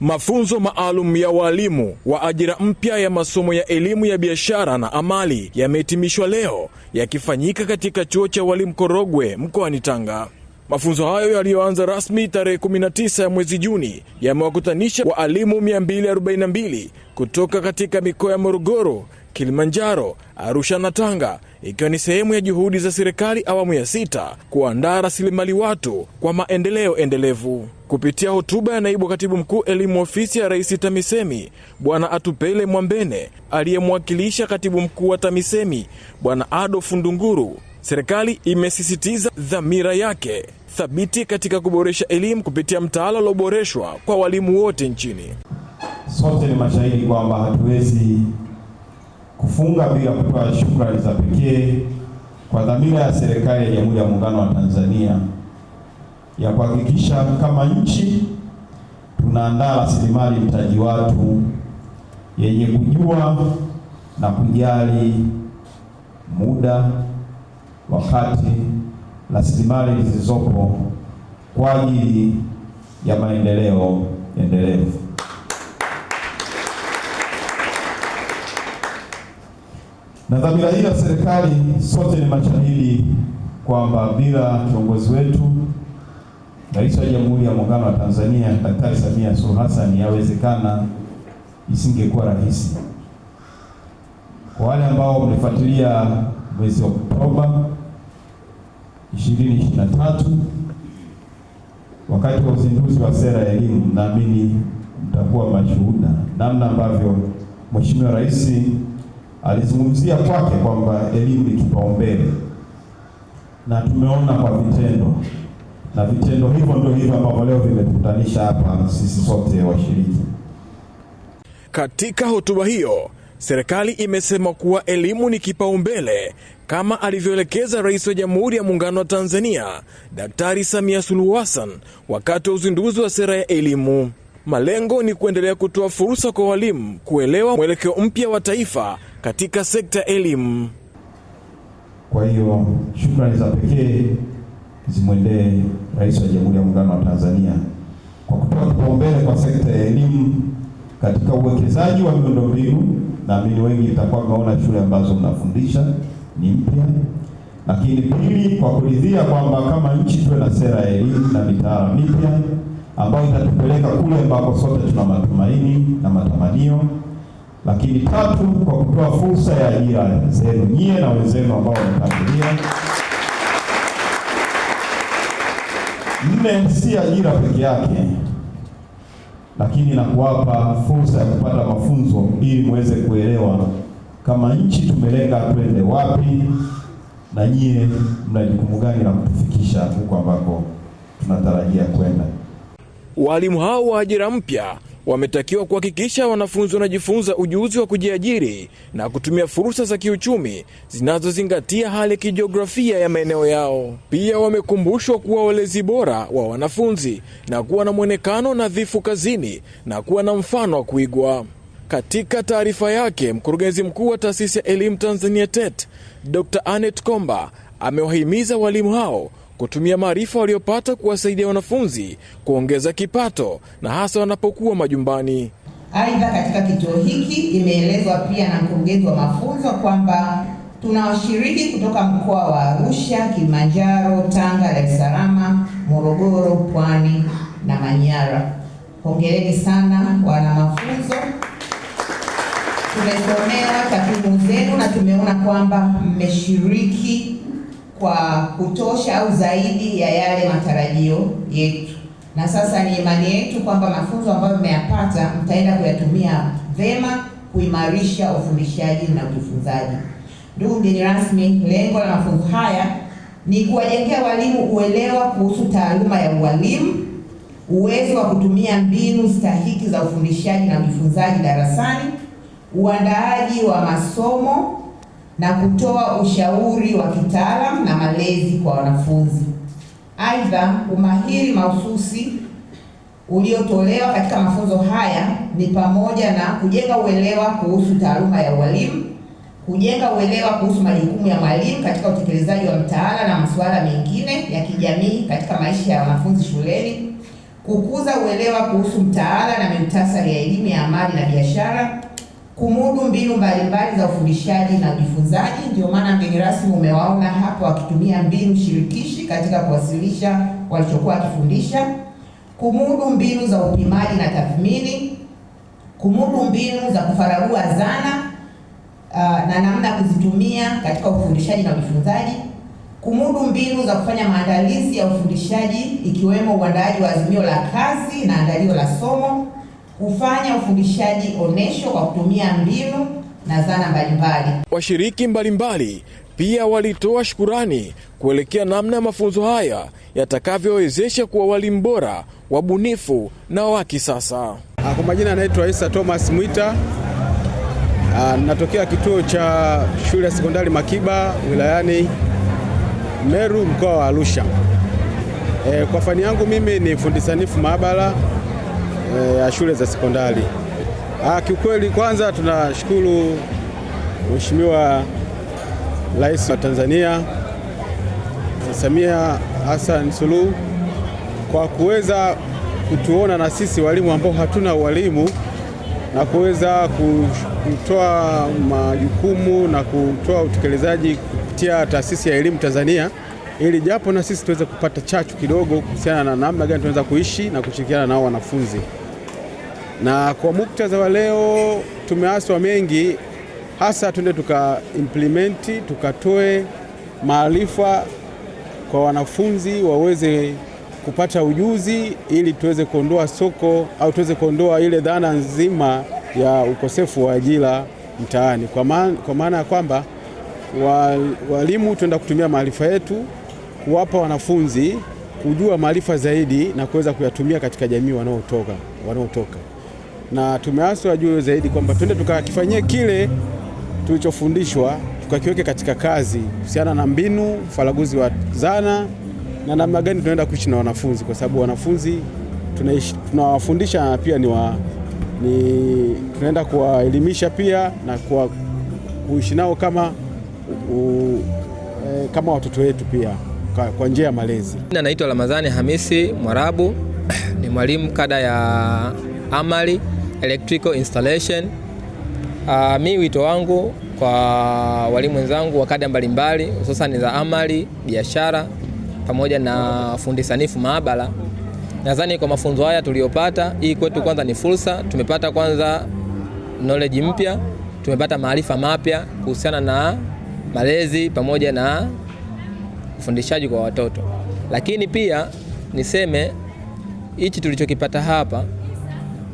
Mafunzo maalum ya walimu wa ajira mpya ya masomo ya elimu ya biashara na amali yamehitimishwa leo yakifanyika katika chuo cha walimu Korogwe mkoani Tanga. Mafunzo hayo yaliyoanza rasmi tarehe 19 ya mwezi Juni yamewakutanisha waalimu 242 kutoka katika mikoa ya Morogoro, Kilimanjaro, Arusha na Tanga, ikiwa ni sehemu ya juhudi za serikali awamu ya sita kuandaa rasilimali watu kwa maendeleo endelevu. Kupitia hotuba ya naibu katibu mkuu elimu ofisi ya Rais TAMISEMI Bwana Atupele Mwambene aliyemwakilisha katibu mkuu wa TAMISEMI Bwana adolfu Ndunguru, serikali imesisitiza dhamira yake thabiti katika kuboresha elimu kupitia mtaala ulioboreshwa kwa walimu wote nchini. Sote ni mashahidi kwamba hatuwezi kufunga bila kutoa shukrani za pekee kwa dhamira ya serikali ya Jamhuri ya Muungano wa Tanzania ya kuhakikisha kama nchi tunaandaa rasilimali mtaji watu yenye kujua na kujali muda, wakati, rasilimali zilizopo kwa ajili ya maendeleo endelevu. na dhamira hii ya serikali, sote ni mashahidi kwamba bila kiongozi wetu Rais wa Jamhuri ya Muungano wa Tanzania Daktari Samia Suluhu Hassan, yawezekana isingekuwa rahisi. Kwa wale ambao mlifuatilia mwezi wa Oktoba 2023 wakati wa uzinduzi wa sera ya elimu, naamini mtakuwa mashuhuda namna ambavyo Mheshimiwa Rais alizungumzia kwake kwamba elimu ni kipaumbele, na tumeona kwa vitendo, na vitendo hivyo ndio hivyo ambavyo leo vimetukutanisha hapa sisi sote washiriki. Katika hotuba hiyo serikali imesema kuwa elimu ni kipaumbele kama alivyoelekeza Rais wa Jamhuri ya Muungano wa Tanzania Daktari Samia Suluhu Hassan wakati wa uzinduzi wa sera ya elimu. Malengo ni kuendelea kutoa fursa kwa walimu kuelewa mwelekeo mpya wa taifa katika sekta elimu. Kwa hiyo shukrani za pekee zimwendee Rais wa Jamhuri ya Muungano wa Tanzania kwa kutoa kipaumbele kwa sekta ya elimu katika uwekezaji wa miundombinu. Naamini wengi mtakuwa mnaona shule ambazo mnafundisha ni mpya, lakini pili, kwa kuridhia kwamba kama nchi tuwe na sera ya elimu na mitaala mipya ambayo itatupeleka kule ambako sote tuna matumaini na matamanio. Lakini tatu, kwa kutoa fursa ya ajira zenu nyie na wenzenu ambao wametangulia. Nne, si ajira peke yake, lakini na kuwapa fursa ya kupata mafunzo ili muweze kuelewa kama nchi tumelenga twende wapi na nyie mna jukumu gani la kutufikisha huko ambako tunatarajia kwenda. Walimu hao wa ajira mpya wametakiwa kuhakikisha wanafunzi wanajifunza ujuzi wa kujiajiri na kutumia fursa za kiuchumi zinazozingatia hali ya kijiografia ya maeneo yao. Pia wamekumbushwa kuwa walezi bora wa wanafunzi na kuwa na mwonekano nadhifu kazini na kuwa na mfano wa kuigwa. Katika taarifa yake, mkurugenzi mkuu wa taasisi ya elimu Tanzania TET Dr. Anet Komba amewahimiza walimu hao kutumia maarifa waliopata kuwasaidia wanafunzi kuongeza kipato na hasa wanapokuwa majumbani. Aidha, katika kituo hiki imeelezwa pia na mkurugenzi wa mafunzo kwamba tuna washiriki kutoka mkoa wa Arusha, Kilimanjaro, Tanga, Dar es Salaam, Morogoro, Pwani na Manyara. Hongereni sana wana mafunzo. Tumesomea takwimu zenu na tumeona kwamba mmeshiriki kwa kutosha au zaidi ya yale matarajio yetu, na sasa ni imani yetu kwamba mafunzo ambayo mmeyapata mtaenda kuyatumia vema kuimarisha ufundishaji na ujifunzaji. Ndugu mgeni rasmi, lengo la mafunzo haya ni kuwajengea walimu uelewa kuhusu taaluma ya ualimu, uwezo wa kutumia mbinu stahiki za ufundishaji na ujifunzaji darasani, uandaaji wa masomo na kutoa ushauri wa kitaalamu na malezi kwa wanafunzi. Aidha, umahiri mahususi uliotolewa katika mafunzo haya ni pamoja na kujenga uelewa kuhusu taaluma ya ualimu, kujenga uelewa kuhusu majukumu ya mwalimu katika utekelezaji wa mtaala na masuala mengine ya kijamii katika maisha ya wanafunzi shuleni, kukuza uelewa kuhusu mtaala na muhtasari ya elimu ya amali na biashara kumudu mbinu mbalimbali za ufundishaji na ujifunzaji. Ndio maana mgeni rasmi umewaona hapo akitumia mbinu shirikishi katika kuwasilisha walichokuwa akifundisha, kumudu mbinu za upimaji na tathmini, kumudu mbinu za kufaragua zana uh, na namna ya kuzitumia katika ufundishaji na ujifunzaji, kumudu mbinu za kufanya maandalizi ya ufundishaji ikiwemo uandaaji wa azimio la kazi na andalio la somo kufanya ufundishaji onesho kwa kutumia mbinu na zana mbalimbali. Washiriki mbalimbali pia walitoa shukurani kuelekea namna ya mafunzo haya yatakavyowezesha kuwa walimu bora, wabunifu na wa kisasa. Ah, kwa majina anaitwa Isa Thomas Mwita. Ah, natokea kituo cha shule ya sekondari Makiba wilayani Meru mkoa wa Arusha. E, kwa fani yangu mimi ni fundi sanifu maabara. E, ya shule za sekondari. Ah, kiukweli kwanza tunashukuru Mheshimiwa Rais wa Tanzania Samia Hassan Suluhu kwa kuweza kutuona na sisi walimu ambao hatuna walimu na kuweza kutoa majukumu na kutoa utekelezaji kupitia taasisi ya elimu Tanzania, ili japo na sisi tuweze kupata chachu kidogo kuhusiana na namna gani tunaweza kuishi na kushirikiana nao wanafunzi. Na kwa muktadha wa leo tumeaswa mengi, hasa tuende implement tukatoe maarifa kwa wanafunzi waweze kupata ujuzi ili tuweze kuondoa soko au tuweze kuondoa ile dhana nzima ya ukosefu wa ajira mtaani, kwa maana kwa maana ya kwamba walimu tunaenda kutumia maarifa yetu kuwapa wanafunzi kujua maarifa zaidi na kuweza kuyatumia katika jamii wanaotoka wanaotoka na tumeaswa juu zaidi kwamba twende tukakifanyie kile tulichofundishwa tukakiweke katika kazi kuhusiana na mbinu, ufaraguzi wa zana na namna gani tunaenda kuishi na wanafunzi, kwa sababu wanafunzi tunawafundisha tuna pia ni, wa, ni tunaenda kuwaelimisha pia na kwa kuishi nao kama, e, kama watoto wetu pia kwa njia ya malezi. Naitwa Ramadhani Hamisi Mwarabu, ni mwalimu kada ya amali electrical installation. Uh, mi wito wangu kwa walimu wenzangu wa kada mbalimbali hususan za amali, biashara pamoja na fundi sanifu maabara, nadhani kwa mafunzo haya tuliyopata, hii kwetu kwanza ni fursa. Tumepata kwanza knowledge mpya, tumepata maarifa mapya kuhusiana na malezi pamoja na ufundishaji kwa watoto, lakini pia niseme hichi tulichokipata hapa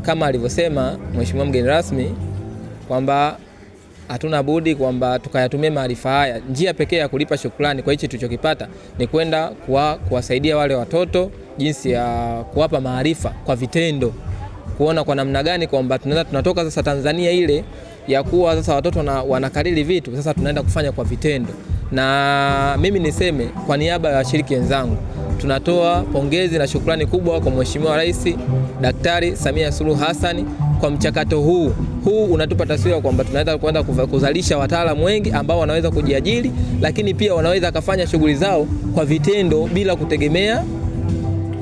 kama alivyosema mheshimiwa mgeni rasmi kwamba hatuna budi kwamba tukayatumia maarifa haya. Njia pekee ya kulipa shukrani kwa hichi tulichokipata ni kwenda kuwasaidia wale watoto, jinsi ya kuwapa maarifa kwa vitendo, kuona kwa namna gani kwamba tunaweza tunatoka sasa Tanzania ile ya kuwa sasa watoto na, wanakariri vitu, sasa tunaenda kufanya kwa vitendo. Na mimi niseme kwa niaba ya washiriki wenzangu tunatoa pongezi na shukrani kubwa kwa Mheshimiwa Rais Daktari Samia Suluhu Hassan kwa mchakato huu huu unatupa taswira kwamba tunaweza kuanza kuzalisha wataalamu wengi ambao wanaweza kujiajiri, lakini pia wanaweza kufanya shughuli zao kwa vitendo bila kutegemea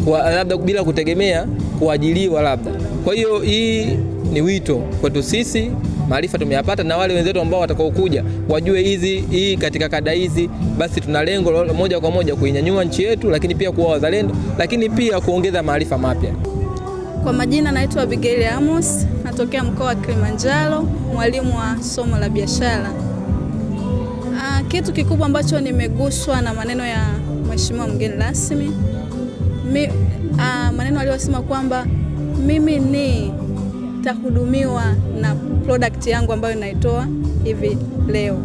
kwa, labda bila kutegemea kuajiliwa labda. Kwa hiyo hii ni wito kwetu sisi, maarifa tumeyapata, na wale wenzetu ambao watakaokuja wajue hizi hii katika kada hizi, basi tuna lengo moja kwa moja kuinyanyua nchi yetu, lakini pia kuwa wazalendo, lakini pia kuongeza maarifa mapya. Kwa majina naitwa Abigail Amos, natokea mkoa wa Kilimanjaro, mwalimu wa somo la biashara. Ah, kitu kikubwa ambacho nimeguswa na maneno ya mheshimiwa mgeni rasmi ah, maneno aliyosema kwamba mimi ni tahudumiwa na product yangu ambayo naitoa hivi leo.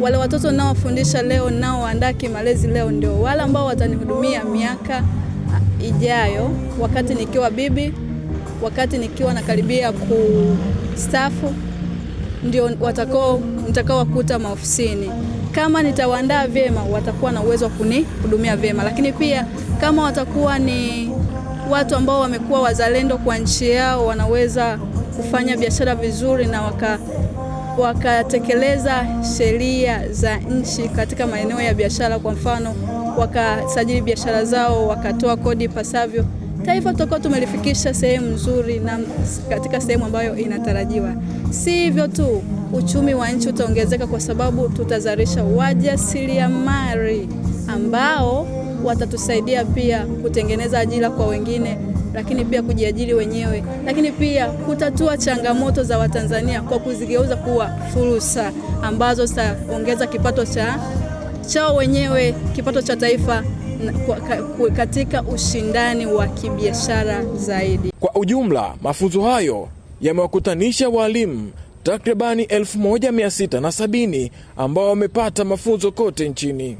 Wale watoto naowafundisha leo, naoandaa kimalezi leo, ndio wale ambao watanihudumia miaka ijayo, wakati nikiwa bibi, wakati nikiwa nakaribia kustafu, ndio watakao nitakaowakuta maofisini. Kama nitawaandaa vyema, watakuwa na uwezo wa kunihudumia vyema, lakini pia kama watakuwa ni watu ambao wamekuwa wazalendo kwa nchi yao, wanaweza kufanya biashara vizuri na waka wakatekeleza sheria za nchi katika maeneo ya biashara, kwa mfano wakasajili biashara zao, wakatoa kodi pasavyo, taifa tutakuwa tumelifikisha sehemu nzuri na katika sehemu ambayo inatarajiwa. Si hivyo tu, uchumi wa nchi utaongezeka kwa sababu tutazalisha wajasiriamali ambao watatusaidia pia kutengeneza ajira kwa wengine, lakini pia kujiajiri wenyewe, lakini pia kutatua changamoto za Watanzania kwa kuzigeuza kuwa fursa ambazo zitaongeza kipato cha chao wenyewe kipato cha taifa katika ushindani wa kibiashara zaidi. Kwa ujumla, mafunzo hayo yamewakutanisha walimu takribani 1670 ambao wamepata mafunzo kote nchini.